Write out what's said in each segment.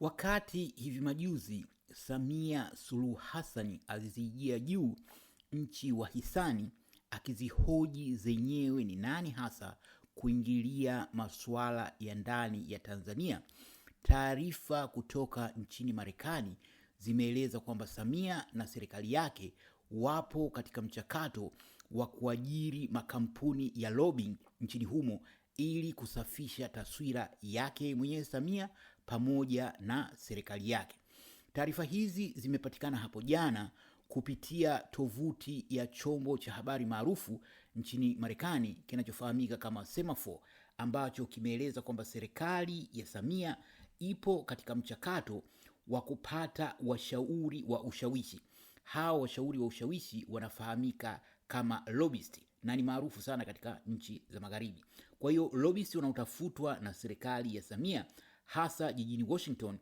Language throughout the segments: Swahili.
Wakati hivi majuzi Samia Suluhu Hassani alizijia juu nchi wa hisani akizihoji zenyewe ni nani hasa kuingilia masuala ya ndani ya Tanzania. Taarifa kutoka nchini Marekani zimeeleza kwamba Samia na serikali yake wapo katika mchakato wa kuajiri makampuni ya lobbying nchini humo ili kusafisha taswira yake mwenyewe Samia pamoja na serikali yake. Taarifa hizi zimepatikana hapo jana kupitia tovuti ya chombo cha habari maarufu nchini Marekani kinachofahamika kama Semafor ambacho kimeeleza kwamba serikali ya Samia ipo katika mchakato wa kupata washauri wa ushawishi. Hawa washauri wa ushawishi wanafahamika kama lobbyist na ni maarufu sana katika nchi za Magharibi. Kwa hiyo lobbyist wanaotafutwa na serikali ya Samia hasa jijini Washington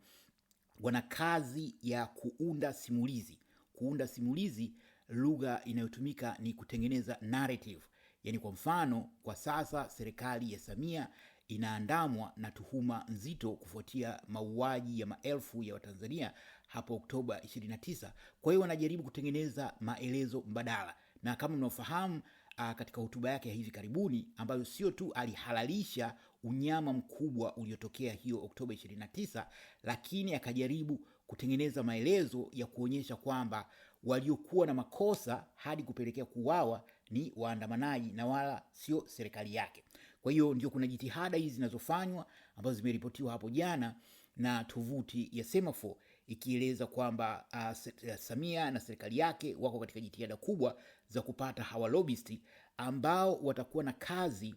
wana kazi ya kuunda simulizi. Kuunda simulizi, lugha inayotumika ni kutengeneza narrative. yani kwa mfano, kwa sasa serikali ya Samia inaandamwa na tuhuma nzito kufuatia mauaji ya maelfu ya Watanzania hapo Oktoba 29. Kwa hiyo wanajaribu kutengeneza maelezo mbadala, na kama mnaofahamu ah, katika hotuba yake ya hivi karibuni ambayo sio tu alihalalisha unyama mkubwa uliotokea hiyo Oktoba 29, lakini akajaribu kutengeneza maelezo ya kuonyesha kwamba waliokuwa na makosa hadi kupelekea kuwawa ni waandamanaji na wala sio serikali yake. Kwa hiyo ndio kuna jitihada hizi zinazofanywa ambazo zimeripotiwa hapo jana na tovuti ya semafo ikieleza kwamba uh, Samia na serikali yake wako katika jitihada kubwa za kupata hawa lobbyisti ambao watakuwa na kazi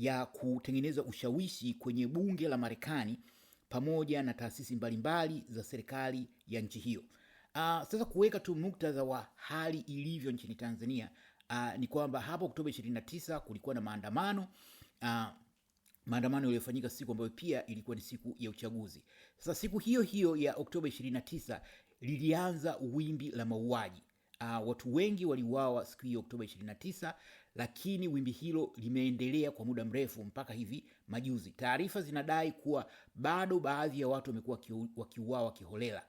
ya kutengeneza ushawishi kwenye bunge la Marekani pamoja na taasisi mbalimbali za serikali ya nchi hiyo. Uh, sasa kuweka tu muktadha wa hali ilivyo nchini Tanzania uh, ni kwamba hapo Oktoba 29 kulikuwa na maandamano uh, maandamano yaliyofanyika siku ambayo pia ilikuwa ni siku ya uchaguzi. Sasa siku hiyo hiyo ya Oktoba 29 lilianza wimbi la mauaji. Uh, watu wengi waliuawa siku hiyo Oktoba 29 lakini wimbi hilo limeendelea kwa muda mrefu mpaka hivi majuzi. Taarifa zinadai kuwa bado baadhi ya watu wamekuwa wakiuawa kiholela.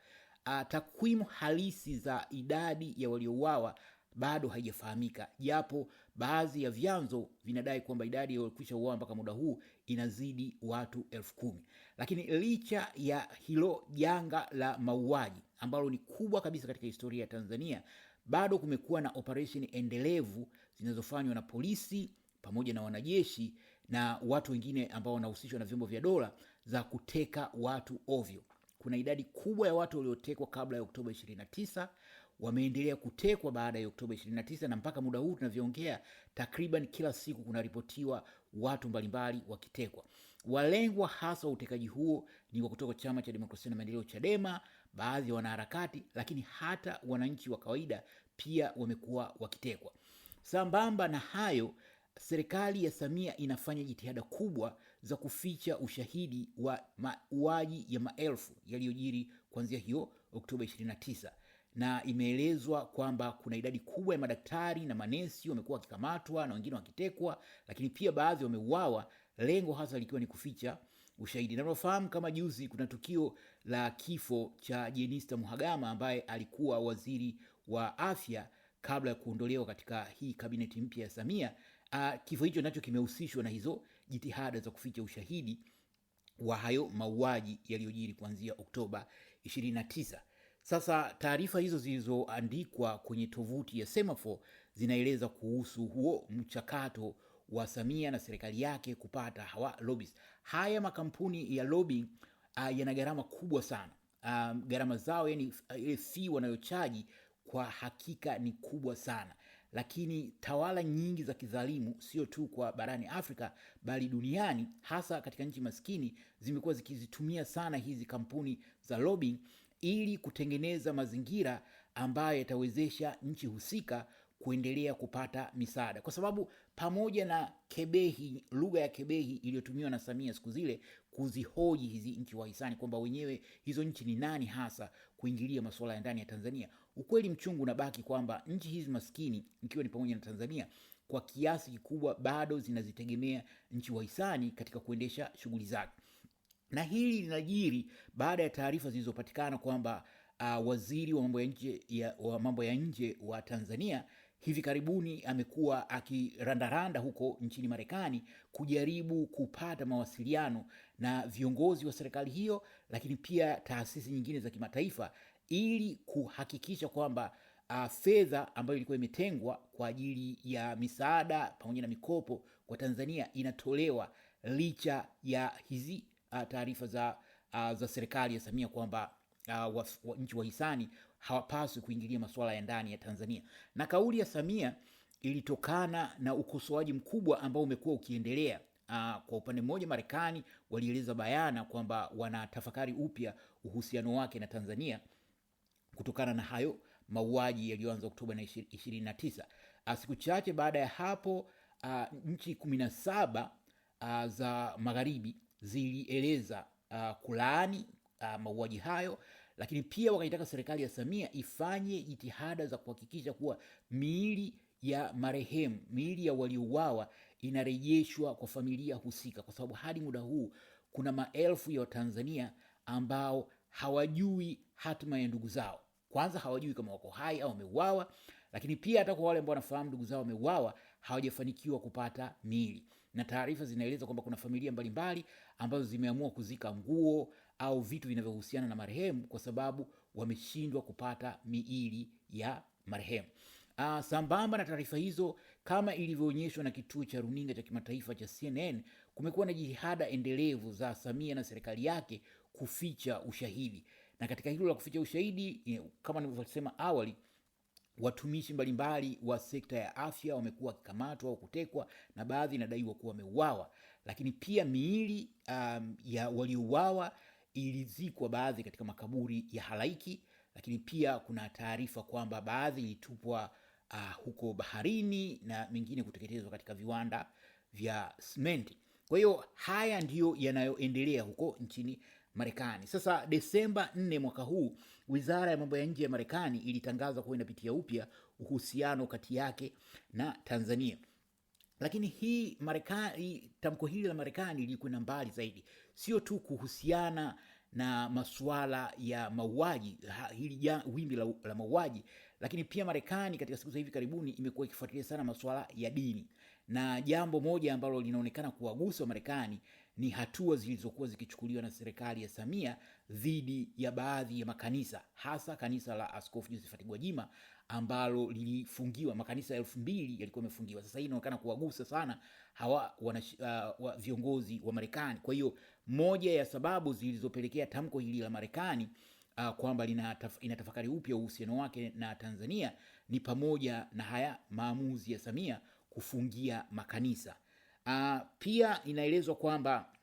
Ah, takwimu halisi za idadi ya waliouawa bado haijafahamika, japo baadhi ya vyanzo vinadai kwamba idadi waliokwisha uawa mpaka muda huu inazidi watu elfu kumi. Lakini licha ya hilo janga la mauaji ambalo ni kubwa kabisa katika historia ya Tanzania, bado kumekuwa na operesheni endelevu zinazofanywa na polisi pamoja na wanajeshi na watu wengine ambao wanahusishwa na vyombo vya dola za kuteka watu ovyo. Kuna idadi kubwa ya watu waliotekwa kabla ya Oktoba 29, wameendelea kutekwa baada ya Oktoba 29 na mpaka muda huu tunavyoongea, takriban kila siku kunaripotiwa watu mbalimbali wakitekwa. Walengwa hasa wa utekaji huo ni wa kutoka Chama cha Demokrasia na Maendeleo, Chadema, baadhi ya wanaharakati, lakini hata wananchi wa kawaida pia wamekuwa wakitekwa. Sambamba na hayo, serikali ya Samia inafanya jitihada kubwa za kuficha ushahidi wa mauaji ya maelfu yaliyojiri kuanzia hiyo Oktoba 29 na imeelezwa kwamba kuna idadi kubwa ya madaktari na manesi wamekuwa wakikamatwa na wengine wakitekwa, lakini pia baadhi wameuawa, lengo hasa likiwa ni kuficha ushahidi. Na unafahamu kama juzi kuna tukio la kifo cha Jenista Muhagama ambaye alikuwa waziri wa afya kabla ya kuondolewa katika hii kabineti mpya ya Samia. Uh, kifo hicho nacho kimehusishwa na hizo jitihada za kuficha ushahidi wa hayo mauaji yaliyojiri kuanzia Oktoba 29. Sasa taarifa hizo zilizoandikwa kwenye tovuti ya semafo zinaeleza kuhusu huo mchakato wa Samia na serikali yake kupata hawa lobbies. Haya makampuni ya lobby uh, yana gharama kubwa sana. Um, gharama zao yani ah, ile fee wanayochaji kwa hakika ni kubwa sana, lakini tawala nyingi za kidhalimu, sio tu kwa barani Afrika bali duniani, hasa katika nchi maskini, zimekuwa zikizitumia sana hizi kampuni za lobbying ili kutengeneza mazingira ambayo yatawezesha nchi husika kuendelea kupata misaada, kwa sababu pamoja na kebehi, lugha ya kebehi iliyotumiwa na Samia siku zile kuzihoji hizi nchi wahisani kwamba wenyewe hizo nchi ni nani hasa kuingilia masuala ya ndani ya Tanzania, ukweli mchungu unabaki kwamba nchi hizi maskini ikiwa ni pamoja na Tanzania kwa kiasi kikubwa bado zinazitegemea nchi wahisani katika kuendesha shughuli zake na hili linajiri baada ya taarifa zilizopatikana kwamba uh, waziri wa mambo ya nje ya, wa mambo ya nje wa Tanzania hivi karibuni amekuwa akirandaranda huko nchini Marekani kujaribu kupata mawasiliano na viongozi wa serikali hiyo, lakini pia taasisi nyingine za kimataifa ili kuhakikisha kwamba uh, fedha ambayo ilikuwa imetengwa kwa ajili ya misaada pamoja na mikopo kwa Tanzania inatolewa licha ya hizi uh, taarifa za, uh, za serikali ya Samia kwamba uh, wa, wa, nchi hawapaswi kuingilia masuala ya ndani ya Tanzania, na kauli ya Samia ilitokana na ukosoaji mkubwa ambao umekuwa ukiendelea. Uh, kwa upande mmoja Marekani walieleza bayana kwamba wanatafakari upya uhusiano wake na Tanzania kutokana na hayo mauaji yaliyoanza Oktoba na ishirini na tisa. Siku chache baada ya hapo, uh, nchi kumi na saba uh, za magharibi zilieleza uh, kulaani uh, mauaji hayo, lakini pia wakaitaka serikali ya Samia ifanye jitihada za kuhakikisha kuwa miili ya marehemu, miili ya waliouawa inarejeshwa kwa familia husika, kwa sababu hadi muda huu kuna maelfu ya Watanzania ambao hawajui hatima ya ndugu zao. Kwanza hawajui kama wako hai au wameuawa, lakini pia hata kwa wale ambao wanafahamu ndugu zao wameuawa, hawajafanikiwa kupata miili na taarifa zinaeleza kwamba kuna familia mbalimbali ambazo zimeamua kuzika nguo au vitu vinavyohusiana na marehemu kwa sababu wameshindwa kupata miili ya marehemu. Uh, sambamba na taarifa hizo, kama ilivyoonyeshwa na kituo cha runinga cha kimataifa cha CNN, kumekuwa na jitihada endelevu za Samia na serikali yake kuficha ushahidi, na katika hilo la kuficha ushahidi, eh, kama nilivyosema awali Watumishi mbalimbali wa sekta ya afya wamekuwa wakikamatwa au kutekwa na baadhi inadaiwa kuwa wameuawa, lakini pia miili um, ya waliouawa ilizikwa baadhi katika makaburi ya halaiki, lakini pia kuna taarifa kwamba baadhi ilitupwa uh, huko baharini na mingine kuteketezwa katika viwanda vya simenti. Kwa hiyo haya ndiyo yanayoendelea huko nchini Marekani. Sasa Desemba 4 mwaka huu, wizara ya mambo ya nje ya Marekani ilitangaza kuwa inapitia upya uhusiano kati yake na Tanzania. Lakini hii Marekani, tamko hili la Marekani lilikwenda mbali zaidi, sio tu kuhusiana na masuala ya mauaji hili wimbi la, la mauaji, lakini pia Marekani katika siku za hivi karibuni imekuwa ikifuatilia sana masuala ya dini, na jambo moja ambalo linaonekana kuwagusa Marekani ni hatua zilizokuwa zikichukuliwa na serikali ya Samia dhidi ya baadhi ya makanisa, hasa kanisa la Askofu Josephat Gwajima ambalo lilifungiwa. Makanisa elfu mbili yalikuwa yamefungiwa. Sasa hii inaonekana kuwagusa sana hawa wana, uh, wa viongozi wa Marekani. Kwa hiyo moja ya sababu zilizopelekea tamko hili la Marekani uh, kwamba inatafakari upya uhusiano wake na Tanzania ni pamoja na haya maamuzi ya Samia kufungia makanisa. Uh, pia inaelezwa kwamba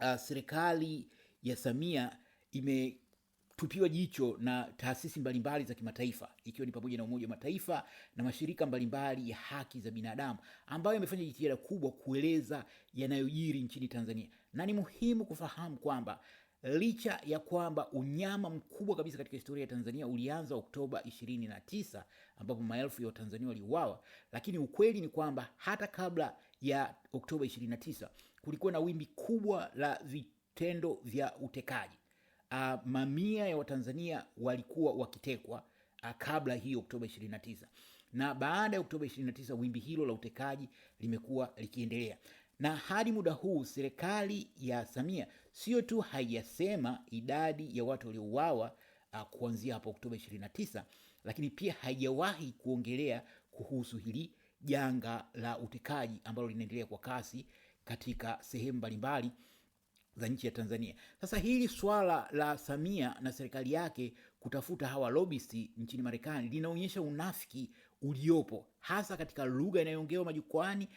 uh, serikali ya Samia imetupiwa jicho na taasisi mbalimbali za kimataifa ikiwa ni pamoja na Umoja wa Mataifa na mashirika mbalimbali ya haki za binadamu ambayo yamefanya jitihada kubwa kueleza yanayojiri nchini Tanzania, na ni muhimu kufahamu kwamba licha ya kwamba unyama mkubwa kabisa katika historia ya Tanzania ulianza Oktoba 29 ambapo maelfu ya Watanzania waliuawa, lakini ukweli ni kwamba hata kabla ya Oktoba 29 kulikuwa na wimbi kubwa la vitendo vya utekaji. a, ah, mamia ya Watanzania walikuwa wakitekwa a, ah, kabla hii Oktoba 29 na baada ya Oktoba 29 wimbi hilo la utekaji limekuwa likiendelea, na hadi muda huu serikali ya Samia sio tu haijasema idadi ya watu waliouawa ah, kuanzia hapo Oktoba 29, lakini pia haijawahi kuongelea kuhusu hili janga la utekaji ambalo linaendelea kwa kasi katika sehemu mbalimbali za nchi ya Tanzania. Sasa hili swala la Samia na serikali yake kutafuta hawa lobbyist nchini Marekani linaonyesha unafiki uliopo hasa katika lugha inayoongewa majukwani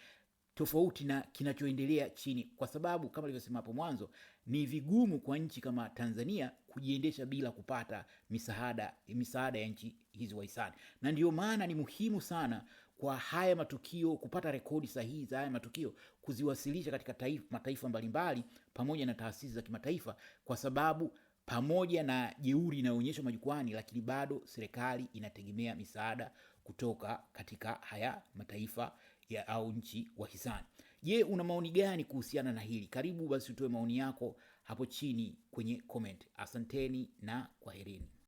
tofauti na kinachoendelea chini, kwa sababu kama nilivyosema hapo mwanzo, ni vigumu kwa nchi kama Tanzania kujiendesha bila kupata misaada misaada ya nchi hizi wahisani, na ndio maana ni muhimu sana kwa haya matukio, kupata rekodi sahihi za haya matukio, kuziwasilisha katika taifa, mataifa mbalimbali pamoja na taasisi za kimataifa, kwa sababu pamoja na jeuri inayoonyeshwa majukwani, lakini bado serikali inategemea misaada kutoka katika haya mataifa ya au nchi wahisani. Je, una maoni gani kuhusiana na hili? Karibu basi utoe maoni yako hapo chini kwenye comment. Asanteni na kwaherini.